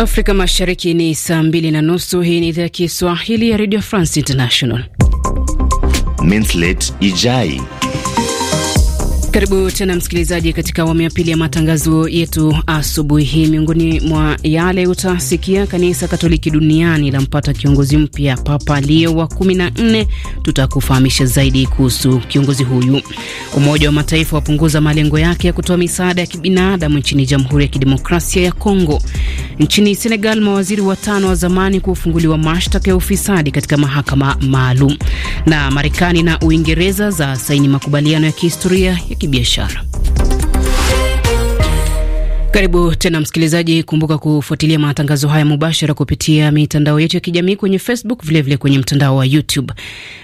Afrika Mashariki ni saa mbili na nusu. Hii ni idhaa ya Kiswahili ya Radio France International. Ijai. Karibu tena msikilizaji, katika awamu ya pili ya matangazo yetu asubuhi hii. Miongoni mwa yale utasikia: kanisa Katoliki duniani lampata kiongozi mpya, Papa Leo wa nne. Tutakufahamisha zaidi kuhusu kiongozi huyu. Umoja wa Mataifa wapunguza malengo yake ya kutoa misaada ya kibinadamu nchini Jamhuri ya Kidemokrasia ya Kongo, Nchini Senegal, mawaziri watano wa zamani kufunguliwa mashtaka ya ufisadi katika mahakama maalum. Na Marekani na Uingereza za saini makubaliano ya kihistoria ya kibiashara. Karibu tena msikilizaji, kumbuka kufuatilia matangazo haya mubashara kupitia mitandao yetu ya kijamii kwenye Facebook, vilevile vile kwenye mtandao wa YouTube.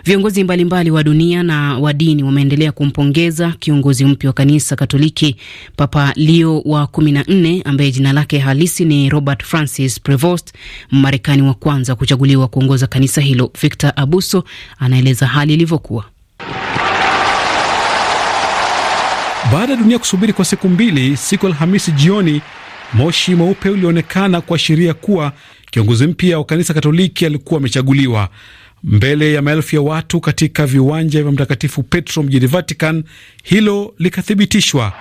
Viongozi mbalimbali wa dunia na wa dini wameendelea kumpongeza kiongozi mpya wa kanisa Katoliki, Papa Leo wa kumi na nne, ambaye jina lake halisi ni Robert Francis Prevost, Mmarekani wa kwanza kuchaguliwa kuongoza kanisa hilo. Victor Abuso anaeleza hali ilivyokuwa. Baada ya dunia kusubiri kwa siku mbili, siku Alhamisi jioni moshi mweupe ulionekana kuashiria kuwa kiongozi mpya wa kanisa Katoliki alikuwa amechaguliwa mbele ya maelfu ya watu katika viwanja vya Mtakatifu Petro mjini Vatican. Hilo likathibitishwa.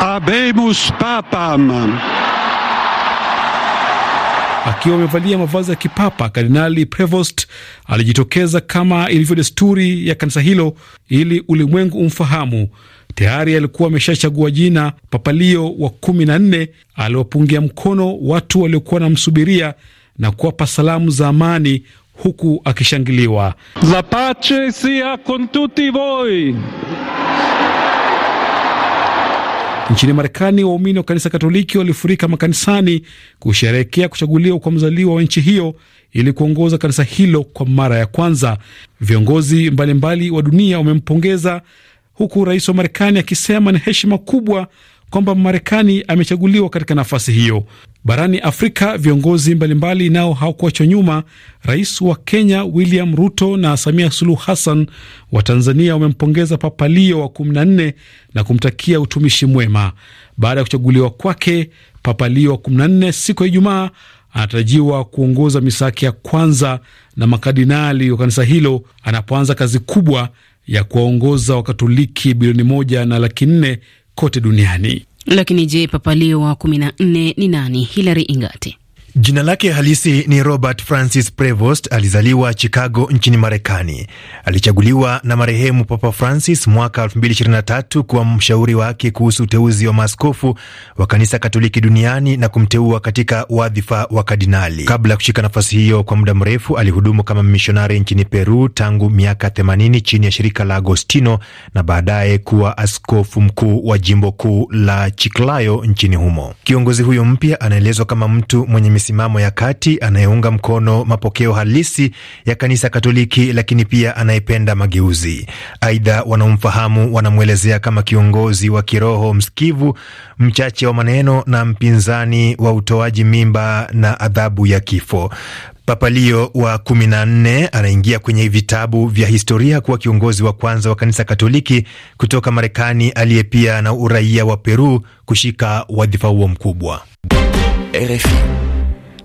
Abemus papam. Akiwa amevalia mavazi ya kipapa, Kardinali Prevost alijitokeza kama ilivyo desturi ya kanisa hilo, ili ulimwengu umfahamu tayari alikuwa ameshachagua jina Papalio wa kumi na nne. Aliwapungia mkono watu waliokuwa wanamsubiria na kuwapa salamu za amani huku akishangiliwa la pace sia con tutti voi. Nchini Marekani, waumini wa kanisa Katoliki walifurika makanisani kusherehekea kuchaguliwa kwa mzaliwa wa nchi hiyo ili kuongoza kanisa hilo kwa mara ya kwanza. Viongozi mbalimbali wa dunia wamempongeza huku rais wa Marekani akisema ni heshima kubwa kwamba Marekani amechaguliwa katika nafasi hiyo. Barani Afrika, viongozi mbalimbali nao hawakuachwa nyuma. Rais wa Kenya William Ruto na Samia Suluhu Hassan wa Tanzania wamempongeza Papa Leo wa 14 na kumtakia utumishi mwema. Baada ya kuchaguliwa kwake, Papa Leo wa 14 siku ya Ijumaa anatarajiwa kuongoza misaki ya kwanza na makardinali wa kanisa hilo anapoanza kazi kubwa ya kuwaongoza Wakatoliki bilioni moja na laki nne kote duniani. Lakini je, Papa Leo wa kumi na nne ni nani? Hilary Ingati. Jina lake halisi ni Robert Francis Prevost. Alizaliwa Chicago nchini Marekani. Alichaguliwa na marehemu Papa Francis mwaka 2023 kuwa mshauri wake kuhusu uteuzi wa maaskofu wa kanisa Katoliki duniani na kumteua katika wadhifa wa kardinali. Kabla ya kushika nafasi hiyo kwa muda mrefu, alihudumu kama mishonari nchini Peru tangu miaka 80 chini ya shirika la Agostino na baadaye kuwa askofu mkuu wa jimbo kuu la Chiclayo nchini humo. Kiongozi huyo mpya anaelezwa kama mtu mwenye misimamo ya kati anayeunga mkono mapokeo halisi ya kanisa Katoliki, lakini pia anayependa mageuzi. Aidha, wanaomfahamu wanamwelezea kama kiongozi wa kiroho msikivu, mchache wa maneno na mpinzani wa utoaji mimba na adhabu ya kifo. Papa Leo wa kumi na nne anaingia kwenye vitabu vya historia kuwa kiongozi wa kwanza wa kanisa Katoliki kutoka Marekani aliye pia na uraia wa Peru kushika wadhifa huo mkubwa RFI.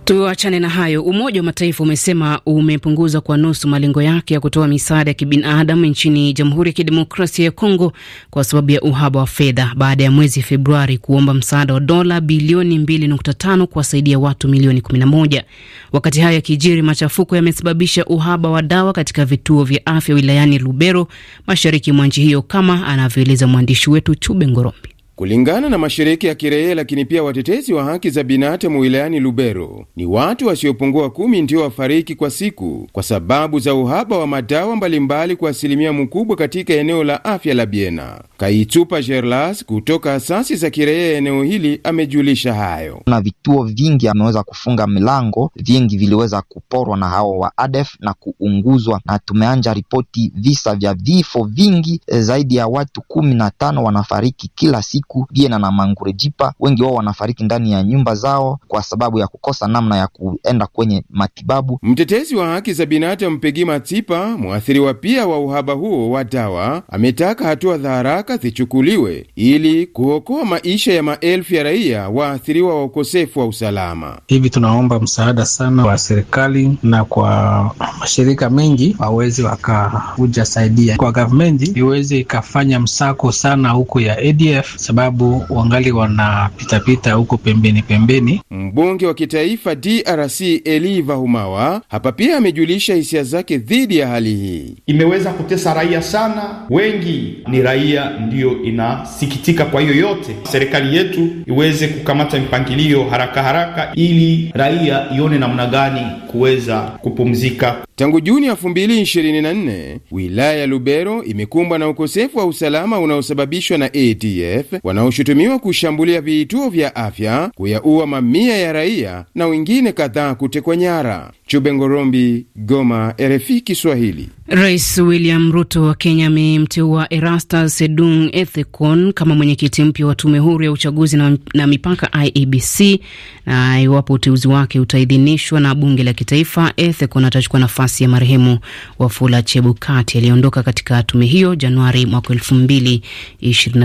Tuachane na hayo. Umoja wa Mataifa umesema umepunguza kwa nusu malengo yake ya kutoa misaada ya kibinadamu nchini Jamhuri ya Kidemokrasia ya Kongo kwa sababu ya uhaba wa fedha baada ya mwezi Februari kuomba msaada wa dola bilioni 2.5 kuwasaidia watu milioni 11. Wakati hayo yakijiri, machafuko yamesababisha uhaba wa dawa katika vituo vya afya wilayani Lubero, mashariki mwa nchi hiyo, kama anavyoeleza mwandishi wetu Chube Ngorombi. Kulingana na mashirika ya kiraia lakini pia watetezi wa haki za binadamu wilayani Lubero, ni watu wasiopungua kumi ndio wafariki kwa siku kwa sababu za uhaba wa madawa mbalimbali kwa asilimia mkubwa katika eneo la afya la Biena. Kaitupa Gerlas kutoka asasi za kiraia eneo hili amejulisha hayo. Na vituo vingi ameweza kufunga milango, vingi viliweza kuporwa na hao wa ADF na kuunguzwa, na tumeanja ripoti visa vya vifo vingi, eh, zaidi ya watu kumi na tano wanafariki kila siku siku Diena na Mangrejipa, wengi wao wanafariki ndani ya nyumba zao kwa sababu ya kukosa namna ya kuenda kwenye matibabu. Mtetezi wa haki za binadamu Pegi Matipa, mwathiriwa pia wa uhaba huo wa dawa, ametaka hatua za haraka zichukuliwe ili kuokoa maisha ya maelfu ya raia waathiriwa wa ukosefu wa usalama. Hivi tunaomba msaada sana wa serikali na kwa mashirika mengi waweze wakakuja saidia, kwa gavumenti iweze ikafanya msako sana huko ya ADF sababu wangali wanapitapita huko pembeni pembeni. Mbunge wa kitaifa DRC Eli Vahumawa hapa pia amejulisha hisia zake dhidi ya hali hii. Imeweza kutesa raia sana, wengi ni raia ndiyo inasikitika. Kwa hiyo yote serikali yetu iweze kukamata mpangilio haraka haraka, ili raia ione namna gani kuweza kupumzika Tangu Juni 2024 wilaya ya Lubero imekumbwa na ukosefu wa usalama unaosababishwa na ADF wanaoshutumiwa kushambulia vituo vya afya, kuyaua mamia ya raia na wengine kadhaa kutekwa nyara. Chube Ngorombi, Goma, RFI Kiswahili. Rais William Ruto wa Kenya amemteua Erastus sedung Ethekon kama mwenyekiti mpya wa tume huru ya uchaguzi na, na mipaka IEBC, na iwapo uteuzi wake utaidhinishwa na bunge la kitaifa, Ethekon atachukua nafasi ya marehemu Wafula Chebukati aliyeondoka katika tume hiyo Januari mwaka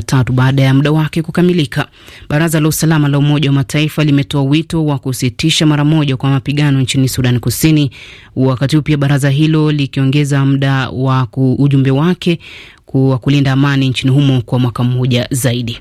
tatu baada ya muda wake kukamilika. Baraza la Usalama la Umoja wa Mataifa limetoa wito wa kusitisha mara moja kwa mapigano nchini Sudan Kusini, wakati huu pia baraza hilo likiongeza muda wa ujumbe wake wa kulinda amani nchini humo kwa mwaka mmoja zaidi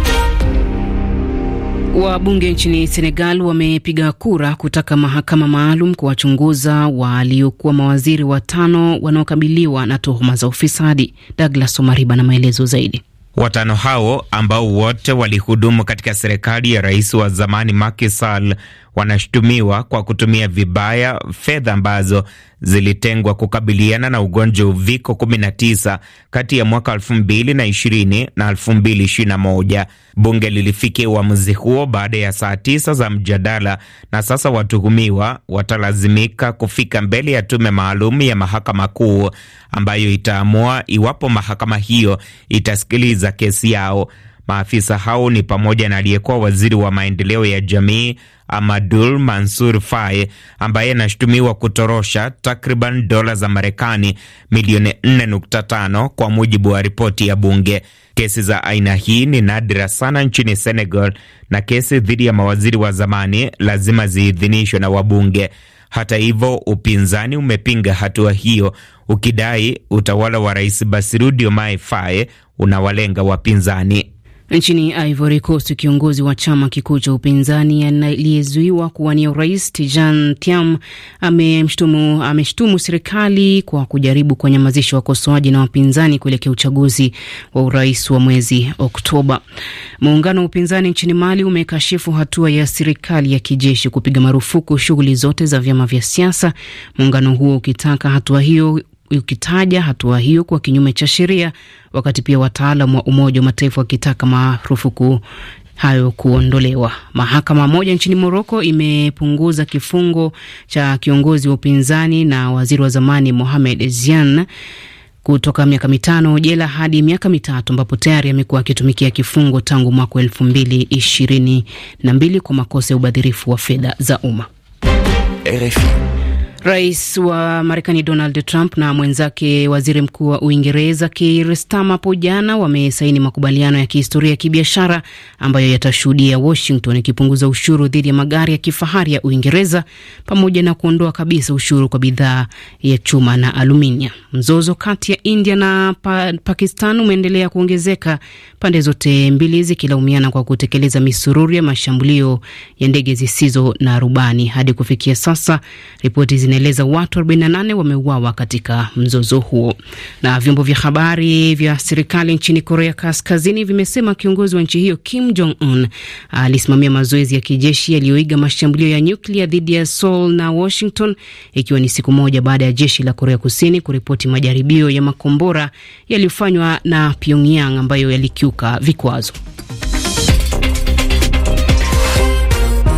Wabunge nchini Senegal wamepiga kura kutaka mahakama maalum kuwachunguza waliokuwa mawaziri watano wanaokabiliwa na tuhuma za ufisadi. Douglas Omariba na maelezo zaidi. Watano hao ambao wote walihudumu katika serikali ya rais wa zamani Macky Sall wanashutumiwa kwa kutumia vibaya fedha ambazo zilitengwa kukabiliana na ugonjwa uviko 19 kati ya mwaka 2020 na 2021. Bunge lilifikia uamuzi huo baada ya saa tisa za mjadala, na sasa watuhumiwa watalazimika kufika mbele ya tume maalum ya mahakama kuu ambayo itaamua iwapo mahakama hiyo itasikiliza kesi yao. Maafisa hao ni pamoja na aliyekuwa waziri wa maendeleo ya jamii Amadul Mansur Faye ambaye anashutumiwa kutorosha takriban dola za Marekani milioni 4.5 kwa mujibu wa ripoti ya bunge. Kesi za aina hii ni nadra sana nchini Senegal na kesi dhidi ya mawaziri wa zamani lazima ziidhinishwe na wabunge. Hata hivyo, upinzani umepinga hatua hiyo ukidai utawala wa Rais Bassirou Diomaye Faye unawalenga wapinzani. Nchini Ivory Coast, kiongozi wa chama kikuu cha upinzani aliyezuiwa kuwania urais Tijan Tiam ameshtumu serikali kwa kujaribu kuwanyamazisha wakosoaji na wapinzani kuelekea uchaguzi wa urais wa mwezi Oktoba. Muungano wa upinzani nchini Mali umekashifu hatua ya serikali ya kijeshi kupiga marufuku shughuli zote za vyama vya siasa, muungano huo ukitaka hatua hiyo ukitaja hatua hiyo kuwa kinyume cha sheria, wakati pia wataalam wa Umoja wa Mataifa wakitaka marufuku hayo kuondolewa. Mahakama moja nchini Moroko imepunguza kifungo cha kiongozi wa upinzani na waziri wa zamani Mohamed Zian kutoka miaka mitano jela hadi miaka mitatu ambapo tayari amekuwa akitumikia kifungo tangu mwaka elfu mbili ishirini na mbili kwa makosa ya ubadhirifu wa fedha za umma. Rais wa Marekani Donald Trump na mwenzake waziri mkuu wa Uingereza Keir Starmer hapo jana wamesaini makubaliano ya kihistoria ya kibiashara ambayo yatashuhudia Washington ikipunguza ushuru dhidi ya magari ya kifahari ya Uingereza pamoja na kuondoa kabisa ushuru kwa bidhaa ya chuma na aluminia. Mzozo kati ya India na pa Pakistan umeendelea kuongezeka, pande zote mbili zikilaumiana kwa kutekeleza misururu ya mashambulio ya ndege zisizo na rubani. Hadi kufikia sasa ripoti zinaeleza watu 48 wameuawa katika mzozo huo. Na vyombo vya habari vya serikali nchini Korea Kaskazini vimesema kiongozi wa nchi hiyo Kim Jong Un alisimamia mazoezi ya kijeshi yaliyoiga mashambulio ya nyuklia dhidi ya Seoul na Washington, ikiwa ni siku moja baada ya jeshi la Korea Kusini kuripoti majaribio ya makombora yaliyofanywa na Pyongyang ambayo yalikiuka vikwazo.